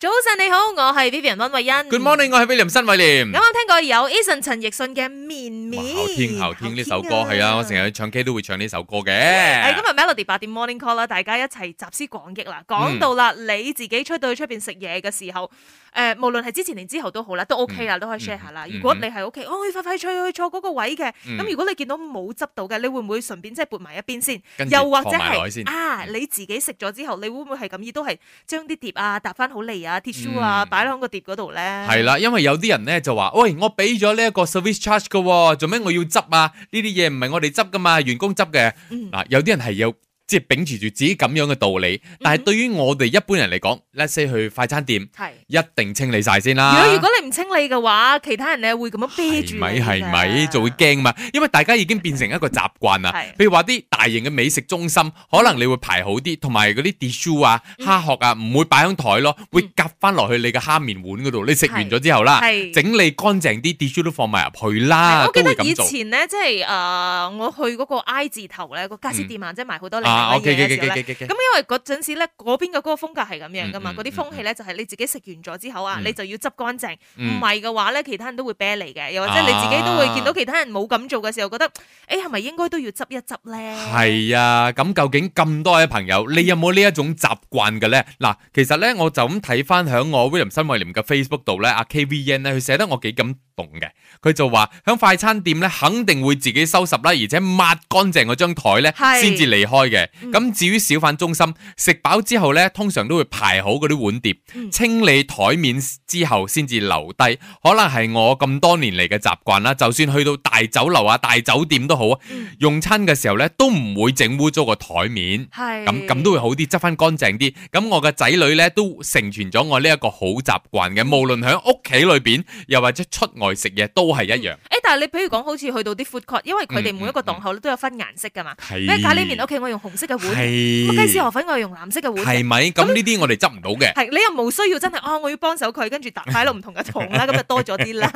早晨你好，我係 Vivian 溫慧欣。Good morning，我係 William 申偉廉。有冇聽過有 Eason 陳奕迅嘅《綿綿》，後天後天呢首歌係啊，啊，我成日去唱 K 都會唱呢首歌嘅。誒，yeah, 今日 Melody 八點 Morning Call 啦，大家一齊集思廣益啦。講到啦，嗯、你自己出到去出邊食嘢嘅時候。誒，無論係之前定之後都好啦，都 OK 啦，都可以 share 下啦。如果你係 OK，我去快快脆脆坐嗰個位嘅，咁如果你見到冇執到嘅，你會唔會順便即係撥埋一邊先？又或者係啊，你自己食咗之後，你會唔會係咁？亦都係將啲碟啊，搭翻好嚟啊，鐵鏟啊，擺落響個碟嗰度咧？係啦，因為有啲人咧就話，喂，我俾咗呢一個 service charge 嘅，做咩我要執啊？呢啲嘢唔係我哋執㗎嘛，員工執嘅。嗱，有啲人係有。即係秉持住自己咁樣嘅道理，但係對於我哋一般人嚟講，let’s say 去快餐店，係一定清理晒先啦。如果如果你唔清理嘅話，其他人咧會咁樣啤住你嘅。係咪係咪就會驚嘛？因為大家已經變成一個習慣啦。譬如話啲大型嘅美食中心，可能你會排好啲，同埋嗰啲 dish 啊、蝦殼啊，唔會擺響台咯，會夾翻落去你嘅蝦麵碗嗰度。你食完咗之後啦，整理乾淨啲 dish 都放埋入去啦。我記得以前咧，即係誒，我去嗰個 I 字頭咧個家私店啊，即係賣好多。嘅嘅嘅，咁因為嗰陣時咧，嗰邊嘅嗰個風格係咁樣噶嘛，嗰啲風氣咧就係你自己食完咗之後啊，你就要執乾淨，唔係嘅話咧，其他人都會啤你嘅，又或者你自己都會見到其他人冇咁做嘅時候，覺得誒係咪應該都要執一執咧？係啊，咁究竟咁多位朋友，你有冇呢一種習慣嘅咧？嗱，其實咧我就咁睇翻響我 William 新威廉嘅 Facebook 度咧，阿 KVN 咧，佢寫得我幾咁。嘅佢就話響快餐店咧肯定會自己收拾啦，而且抹乾淨嗰張台咧先至離開嘅。咁至於小販中心食飽之後咧，通常都會排好嗰啲碗碟，嗯、清理台面之後先至留低。可能係我咁多年嚟嘅習慣啦。就算去到大酒樓啊、大酒店都好啊，嗯、用餐嘅時候咧都唔會整污糟個台面，咁咁是都會好啲，執翻乾淨啲。咁我嘅仔女咧都成全咗我呢一個好習慣嘅。無論喺屋企裏邊又或者出外，食嘢都係一樣，誒、嗯欸，但係你譬如講好似去到啲 food court，因為佢哋每一個檔口都有分顏色噶嘛，咩、嗯嗯嗯、咖喱麵 OK，我用紅色嘅碗，咁雞絲河粉我用藍色嘅碗，係咪？咁呢啲我哋執唔到嘅。係你又冇需要真係，哦，我要幫手佢，跟住打擺落唔同嘅桶啦，咁 就多咗啲啦。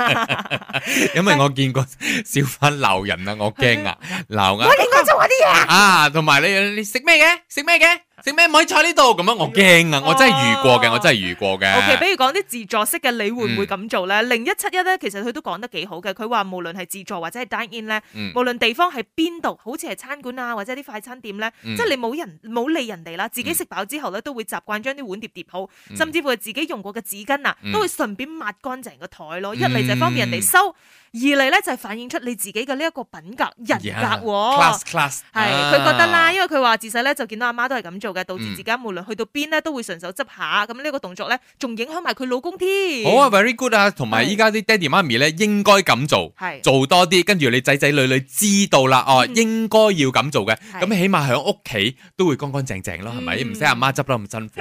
因為我見過小販鬧人啊，我驚啊鬧啊。我點解做嗰啲嘢啊，同埋你你食咩嘅？食咩嘅？食咩唔可以坐呢度咁啊！我驚啊，我真係遇過嘅，我真係遇過嘅。O.K.，比如講啲自助式嘅，你會唔會咁做咧？零一七一咧，其實佢都講得幾好嘅。佢話無論係自助或者係 dine in 咧，無論地方喺邊度，好似係餐館啊或者啲快餐店咧，即係你冇人冇理人哋啦，自己食飽之後咧都會習慣將啲碗碟疊好，甚至乎係自己用過嘅紙巾啊，都會順便抹乾淨個台咯。一嚟就係方便人哋收，二嚟咧就係反映出你自己嘅呢一個品格人格。Class class，係佢覺得啦，因為佢話自細咧就見到阿媽都係咁做。嘅導致自家無論去到邊咧都會順手執下，咁呢個動作咧仲影響埋佢老公添。好啊，very good 啊，同埋依家啲爹哋媽咪咧應該咁做，係做多啲，跟住你仔仔女女知道啦，哦，應該要咁做嘅，咁起碼響屋企都會乾乾淨淨咯，係咪？唔使阿媽執得咁辛苦。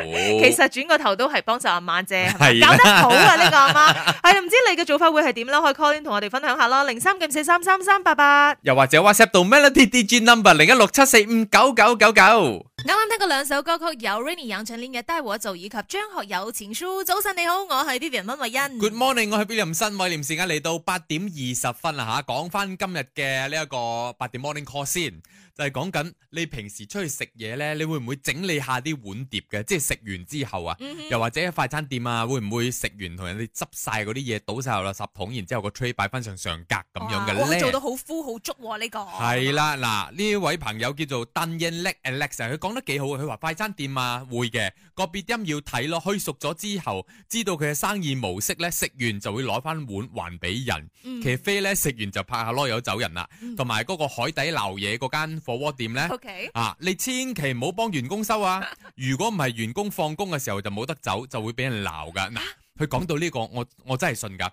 其實轉個頭都係幫手阿媽啫，係搞得好啊呢個阿媽。係唔知你嘅做法會係點咯？可以 call 同我哋分享下咯，零三九四三三三八八，又或者 whatsapp 到 melody DJ number 零一六七四五九九九九。啱啱聽過兩首歌曲，有 r a i n y e 唱千嘅《帶我做》以及張學友《情書》。早晨你好，我係 B B 林溫慧欣。Good morning，我係 B B 林新偉廉。時間嚟到八點二十分啦吓，講翻今日嘅呢一個八點 morning call 先。就係講緊你平時出去食嘢咧，你會唔會整理下啲碗碟嘅？即係食完之後啊，嗯、哼又或者喺快餐店啊，會唔會食完同人哋執晒嗰啲嘢倒晒落垃圾桶，然之後個 tray 擺翻上上格咁樣嘅咧？做得好敷好足呢、啊這個係啦嗱，呢一的、嗯、位朋友叫做 Duninlek Alexa 佢講得幾好。佢話快餐店啊會嘅，個別音要睇咯，可熟咗之後知道佢嘅生意模式咧，食完就會攞翻碗還俾人，其非咧食完就拍下囉柚走人啦。同埋嗰個海底撈嘢嗰間。火鍋店咧，啊，你千祈唔好幫員工收啊！如果唔係員工放工嘅時候就冇得走，就會俾人鬧噶。嗱，佢講到呢個，我我真係信噶，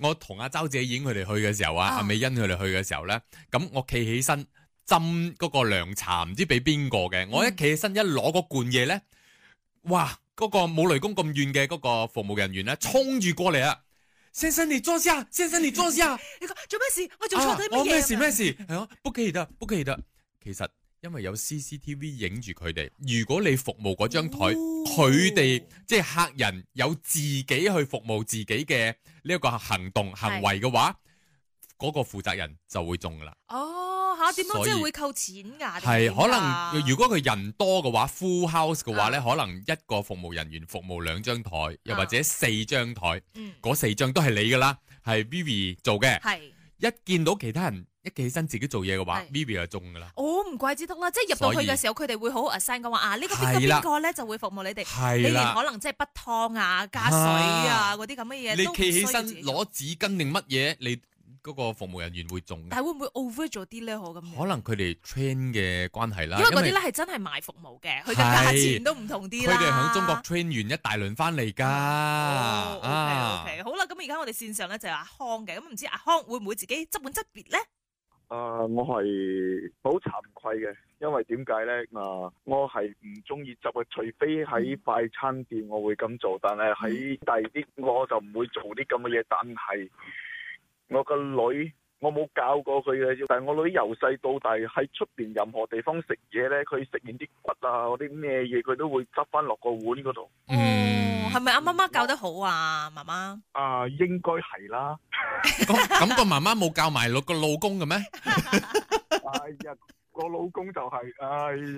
我同阿周姐演佢哋去嘅時候啊，阿美欣佢哋去嘅時候咧，咁我企起身斟嗰個涼茶，唔知俾邊個嘅，我一企起身一攞嗰罐嘢咧，哇，嗰個冇雷公咁遠嘅嗰個服務人員咧，衝住過嚟啊！先生你坐先啊！先生你坐先啊！你講做咩事？我做錯咗咩嘢？唔好意思，唔好意思，唔記得！唔記得！其實因為有 CCTV 影住佢哋，如果你服務嗰張台，佢哋即係客人有自己去服務自己嘅呢一個行動行為嘅話，嗰個負責人就會中噶啦。哦，吓，點樣即係會扣錢啊？係可能如果佢人多嘅話，full house 嘅話咧，可能一個服務人員服務兩張台，又或者四張台，嗯，嗰四張都係你噶啦，係 Vivi 做嘅，係一見到其他人。一企起身自己做嘢嘅話，Vivi 就中噶啦。哦，唔怪之得啦，即係入到去嘅時候，佢哋會好好 assign 嘅話，啊呢個邊個邊個咧就會服務你哋。係啦，可能即係不湯啊、加水啊嗰啲咁嘅嘢。你企起身攞紙巾定乜嘢？你嗰個服務人員會中。但係會唔會 over 咗啲咧？好咁。可能佢哋 train 嘅關係啦，因為嗰啲咧係真係賣服務嘅，佢嘅價錢都唔同啲啦。佢哋喺中國 train 完一大輪翻嚟噶。OK OK，好啦，咁而家我哋線上咧就係阿康嘅，咁唔知阿康會唔會自己執本執別咧？誒，uh, 我係好慚愧嘅，因為點解咧？啊、uh，我係唔中意執嘅，除非喺快餐店我會咁做，但係喺第啲，我就唔會做啲咁嘅嘢。但係我個女，我冇教過佢嘅，但係我女由細到大喺出邊任何地方食嘢咧，佢食完啲骨啊，嗰啲咩嘢，佢都會執翻落個碗嗰度。嗯、mm。Hmm. 係咪阿媽媽教得好啊？媽媽啊，應該係啦。咁個媽媽冇教埋落個老公嘅咩？哎呀，個老公就係、是、哎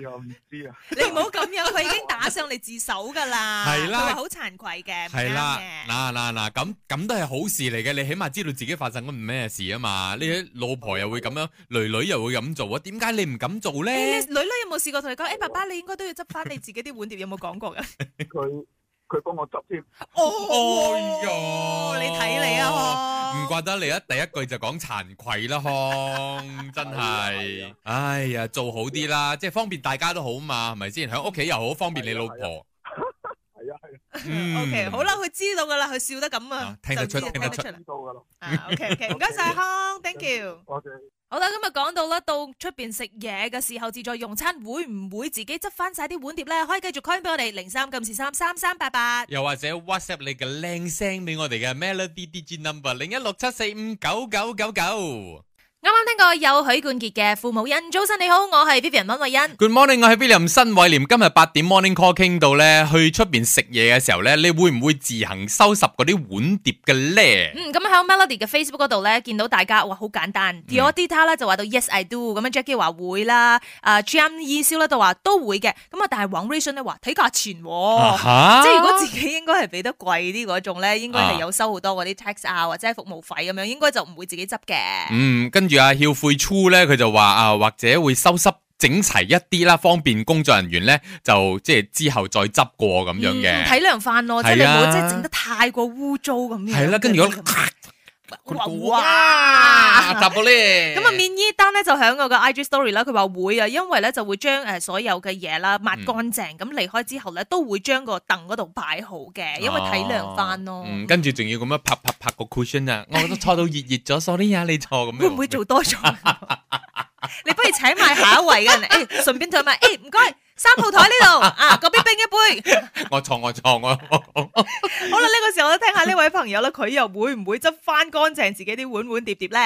呀，唔知啊。你唔好咁樣，佢已經打上嚟自首噶啦。係啦，佢話好慚愧嘅。係啦，嗱嗱嗱，咁咁都係好事嚟嘅。你起碼知道自己發生咗咩事啊嘛？你老婆又會咁樣，女女又會咁做啊？點解你唔咁做咧、欸？女女有冇試過同你講？誒、欸，爸爸，你應該都要執翻你自己啲碗碟。有冇講過噶？佢。 佢幫我執添，哦，哎、呀你睇你啊，唔怪、哦、得你啦，第一句就講慚愧啦，呵， 真係， 啊、哎呀，做好啲啦， 即係方便大家都好嘛，係咪先？喺屋企又好， 方便你老婆。 O K，好啦，佢知道噶啦，佢笑得咁啊，聽得出，聽得出，嚟噶啦。啊，O K，O K，唔該晒，康，Thank you。好啦，今日講到啦，到出邊食嘢嘅時候自助用餐，會唔會自己執翻晒啲碗碟咧？可以繼續 call 翻俾我哋零三九四三三三八八，又或者 WhatsApp 你嘅靚聲俾我哋嘅 Melody DJ Number 零一六七四五九九九九。啱啱聽過有許冠傑嘅父母恩早晨你好，我係 Vivian 温慧欣。Good morning，我係 William 申偉廉。今日八點 morning call 傾到咧，去出邊食嘢嘅時候咧，你會唔會自行收拾嗰啲碗碟嘅咧？咁啊喺、嗯嗯嗯嗯嗯、Melody 嘅 Facebook 嗰度咧，見到大家哇好簡單。Joel、嗯、d i t 就話到 Yes I do，咁、嗯、Jackie 話會啦，啊 j m E Shaw 咧都話都會嘅。咁啊但係王 Ration 咧話睇價錢、哦，uh huh? 即係如果自己應該係俾得貴啲嗰種咧，應該係有收好多嗰啲 tax 啊或者服務費咁樣，應該就唔會自己執嘅、嗯嗯。跟。住阿翹廢粗咧，佢就話啊，或者會收拾整齊一啲啦，方便工作人員咧就即係之後再執過咁樣嘅、嗯，體諒翻咯，即係你唔好，即係整得太過污糟咁樣。係啦、啊，跟住果。 哇！咁啊，嗯，面衣單咧就響我個 IG story 啦。佢話會啊，因為咧就會將誒所有嘅嘢啦，抹乾淨。咁離、嗯、開之後咧都會將個凳嗰度擺好嘅，因為體諒翻咯。嗯，跟住仲要咁樣拍拍拍個 cushion 啊！我覺得坐到熱熱咗，s, sorry 啊，你坐咁樣。會唔會做多咗？ 你不如請埋下一位嘅人誒，順、欸、便請埋誒、唔、欸、該。三號台呢度 啊，嗰邊冰一杯。我錯我錯我。好啦，呢個時候我都聽下呢位朋友啦，佢又會唔會執翻乾淨自己啲碗碗碟碟咧？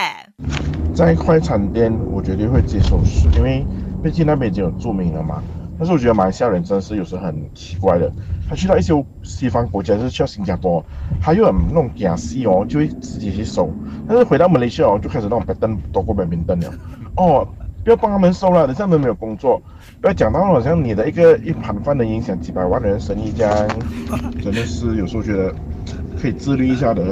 在快餐店，我絕對會接受，因為畢竟嗰邊已經有著名啦嘛。但是我覺得馬來西亞人真的是有時很奇怪嘅，佢去到一些西方國家，即係去到新加坡，佢又有嗰種雅氣哦，就會自己去收。但是回到馬來西亞，就開始嗰種擺凳多過擺面凳哦。 不要幫他們收了，等下他們沒有工作。不要講到好像你的一個一盤飯能影響幾百萬人的生意咁，真的是有時候覺得。可以自律一下的，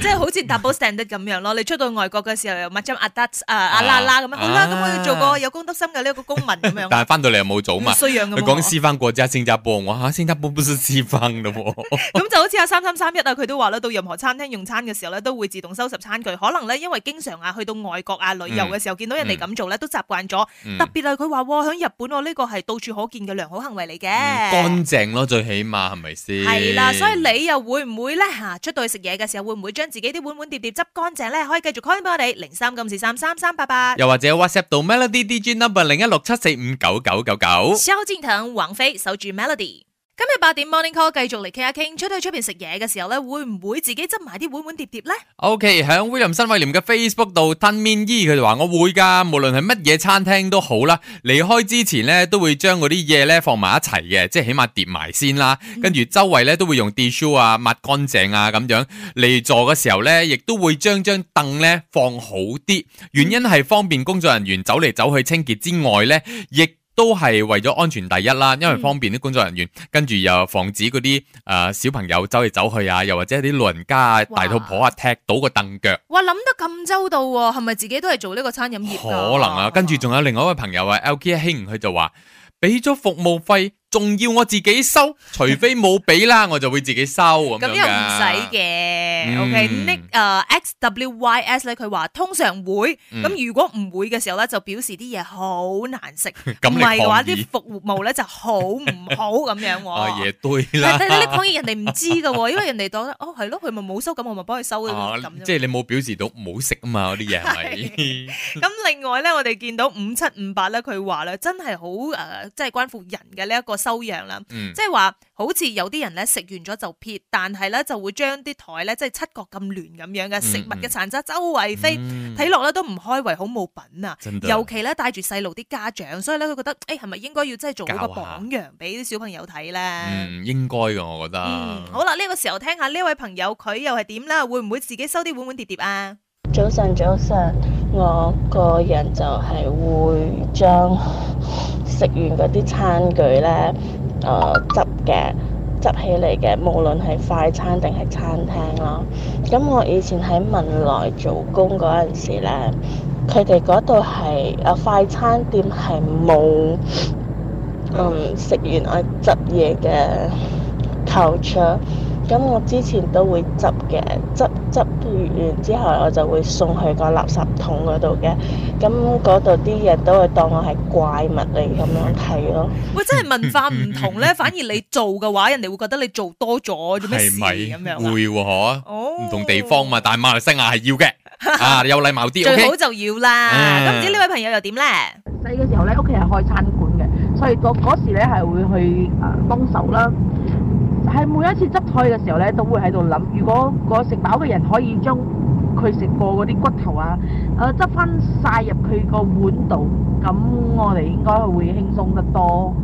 即係好似 Double Standard 咁樣咯。你出到外國嘅時候又買張阿德啊阿啦啦咁樣，咁樣咁可以做個有公德心嘅呢個公民咁樣。但係翻到嚟又冇做嘛，需要嘅。佢講西方國家新加坡，我話新加坡不是西方咯。咁就好似阿三三三一啊，佢都話啦，到任何餐廳用餐嘅時候咧，都會自動收拾餐具。可能咧因為經常啊去到外國啊旅遊嘅時候見到人哋咁做咧，都習慣咗。特別係佢話喺日本，呢個係到處可見嘅良好行為嚟嘅，乾淨咯，最起碼係咪先？係啦，所以你又會唔會咧？啊、出到去食嘢嘅時候會唔會將自己啲碗碗碟碟執乾淨咧？可以繼續 call 我哋零三九五四三三三八八，又或者 WhatsApp 到 Melody D G Number 零一六七四五九九九九。蕭敬騰、王菲守住 Melody。今日八點 morning call 繼續嚟傾下傾，出去出邊食嘢嘅時候咧，會唔會自己執埋啲碗碗碟碟碟呢？OK 喺 William 新威廉嘅 Facebook 度吞 u r 佢就話我會噶，無論係乜嘢餐廳都好啦。離開之前咧，都會將嗰啲嘢咧放埋一齊嘅，即係起碼疊埋先啦。跟住周圍咧都會用 dish 啊抹乾淨啊咁樣。離座嘅時候咧，亦都會將張凳咧放好啲，原因係方便工作人員走嚟走去清潔之外咧，亦。都係為咗安全第一啦，因為方便啲工作人員，跟住、嗯、又防止嗰啲誒小朋友走嚟走去啊，又或者啲老人家啊、大肚婆啊踢到個凳腳。哇，諗得咁周到喎，係咪自己都係做呢個餐飲業？可能啊，跟住仲有另外一位朋友啊、嗯、L K 興佢就話俾咗服務費。仲要我自己收，除非冇俾啦，我就會自己收咁樣噶。咁又唔使嘅，OK Nick，誒 XWYS 咧，佢話通常會，咁如果唔會嘅時候咧，就表示啲嘢好難食，唔係嘅話啲服務咧就好唔好咁樣。啊嘢堆啦，你講嘢人哋唔知噶，因為人哋當得哦係咯，佢咪冇收咁，我咪幫佢收咁。即係你冇表示到唔好食啊嘛，啲嘢係咪。咁另外咧，我哋見到五七五八咧，佢話咧真係好誒，即係關乎人嘅呢一個收養啦，嗯、即係話好似有啲人咧食完咗就撇，但係咧就會將啲台咧即係七國咁亂咁樣嘅食物嘅殘渣周圍飛，睇落咧都唔開胃，好冇品啊！的尤其咧帶住細路啲家長，所以咧佢覺得誒係咪應該要真係做好一個榜樣俾啲小朋友睇咧？嗯，應該嘅，我覺得。嗯、好啦，呢、這個時候聽下呢位朋友佢又係點啦？會唔會自己收啲碗碗碟碟啊？早晨，早晨，我個人就係會將。食完嗰啲餐具咧，誒、呃、執嘅執起嚟嘅，無論係快餐定係餐廳啦。咁我以前喺文萊做工嗰陣時咧，佢哋嗰度係誒快餐店係冇嗯食完我執嘢嘅 culture。咁我之前都會執嘅執。執完之後，我就會送去個垃圾桶嗰度嘅。咁嗰度啲嘢都會當我係怪物嚟咁樣睇咯。喂，真係文化唔同咧，反而你做嘅話，人哋會覺得你做多咗做咩事咁樣。會喎，嗬。哦。唔同地方嘛，但係馬來西亞係要嘅。啊，有禮貌啲。最好就要啦。咁唔知呢位朋友又點咧？細嘅時候咧，屋企係開餐館嘅，所以嗰嗰時咧係會去誒幫手啦。係每一次執菜嘅時候呢，都會喺度諗，如果個食飽嘅人可以將佢食過嗰啲骨頭啊，誒執翻晒入佢個碗度，咁我哋應該係會輕鬆得多。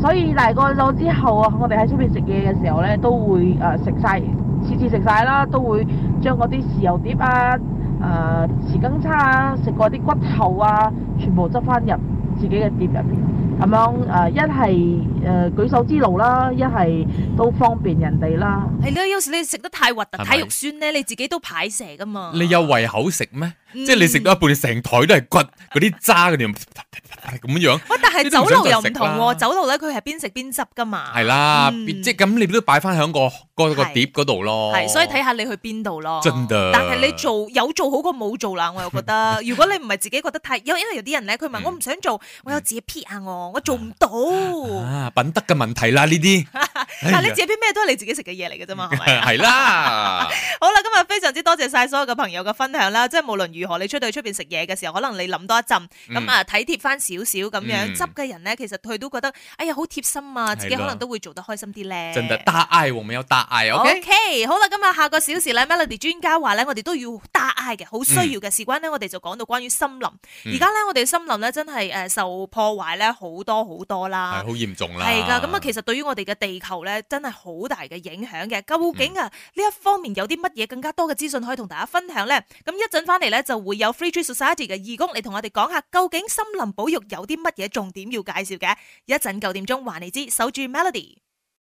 所以嚟到咗之後啊，我哋喺出面食嘢嘅時候呢，都會誒食晒，呃、次次食晒啦，都會將嗰啲豉油碟啊、誒、呃、匙羹叉啊，食過啲骨頭啊，全部執翻入自己嘅碟入邊。咁樣誒，一係誒舉手之勞啦，一係都方便人哋啦。係咯，你有時你食得太核突、太肉酸咧，你自己都排泄噶嘛。你有胃口食咩？即係你食到一半，成枱都係骨、嗰啲渣嗰啲咁樣。喂，但係酒樓又唔同喎，酒樓咧佢係邊食邊執噶嘛。係啦，即係咁你都擺翻響個個個碟嗰度咯。係，所以睇下你去邊度咯。真㗎。但係你做有做好過冇做啦，我又覺得。如果你唔係自己覺得太有，因為有啲人咧，佢問我唔想做，我有自己撇下我。我做唔到啊，品德嘅問題啦呢啲。 但係你借啲咩都係你自己食嘅嘢嚟嘅啫嘛，係 對啦。 好啦，今日非常之多謝晒所有嘅朋友嘅分享啦。即係無論如何，你出到去出邊食嘢嘅時候，可能你諗多一浸，咁啊體貼翻少少咁樣，執嘅、嗯、人咧，其實佢都覺得哎呀好貼心啊，對啦 自己可能都會做得開心啲咧。真嘅，得嗌，我們要得嗌，OK？OK，、okay? okay, 好啦，今日下個小時咧，Melody 專家話咧，我哋都要得嗌嘅，好需要嘅。事關呢，我哋、嗯、就講到關於森林。而家咧，我哋森林咧真係誒受破壞咧好多好多啦，係好嚴重啦，係噶。咁啊，其實對於我哋嘅地球。咧真係好大嘅影響嘅，究竟啊呢、嗯、一方面有啲乜嘢更加多嘅資訊可以同大家分享呢？咁一陣翻嚟，咧就會有 Free Tree Society 嘅義工嚟，同我哋講下究竟森林保育有啲乜嘢重點要介紹嘅？一陣九點鐘話你知，守住 Melody。